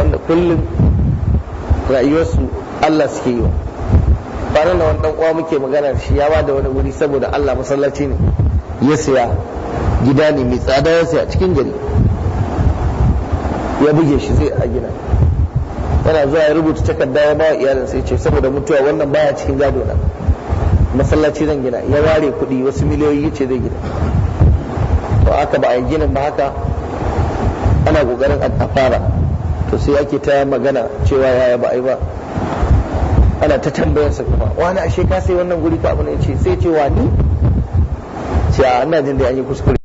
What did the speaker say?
wanda kullum rayuwarsu Allah suke yi wa nan da wani uwa muke magana shi ya bada wani wuri saboda Allah masallaci ne ya siya gida ne mai tsada ya siya cikin gari ya buge shi zai a gina yana zuwa ya rubuta takarda ya bawa iyalin sai ce saboda mutuwa wannan baya cikin gado na masallaci zan gina ya ware kuɗi wasu miliyoyi ya ce zai gina to aka ba a yi ginin ba haka ana kokarin a fara to sai ake ta magana cewa yaya ba ai ba ana ta tambayar sa kuma wani ashe ka sai wannan guri ka abin ne ce sai ce wa ni ce a ina jin da an yi kuskure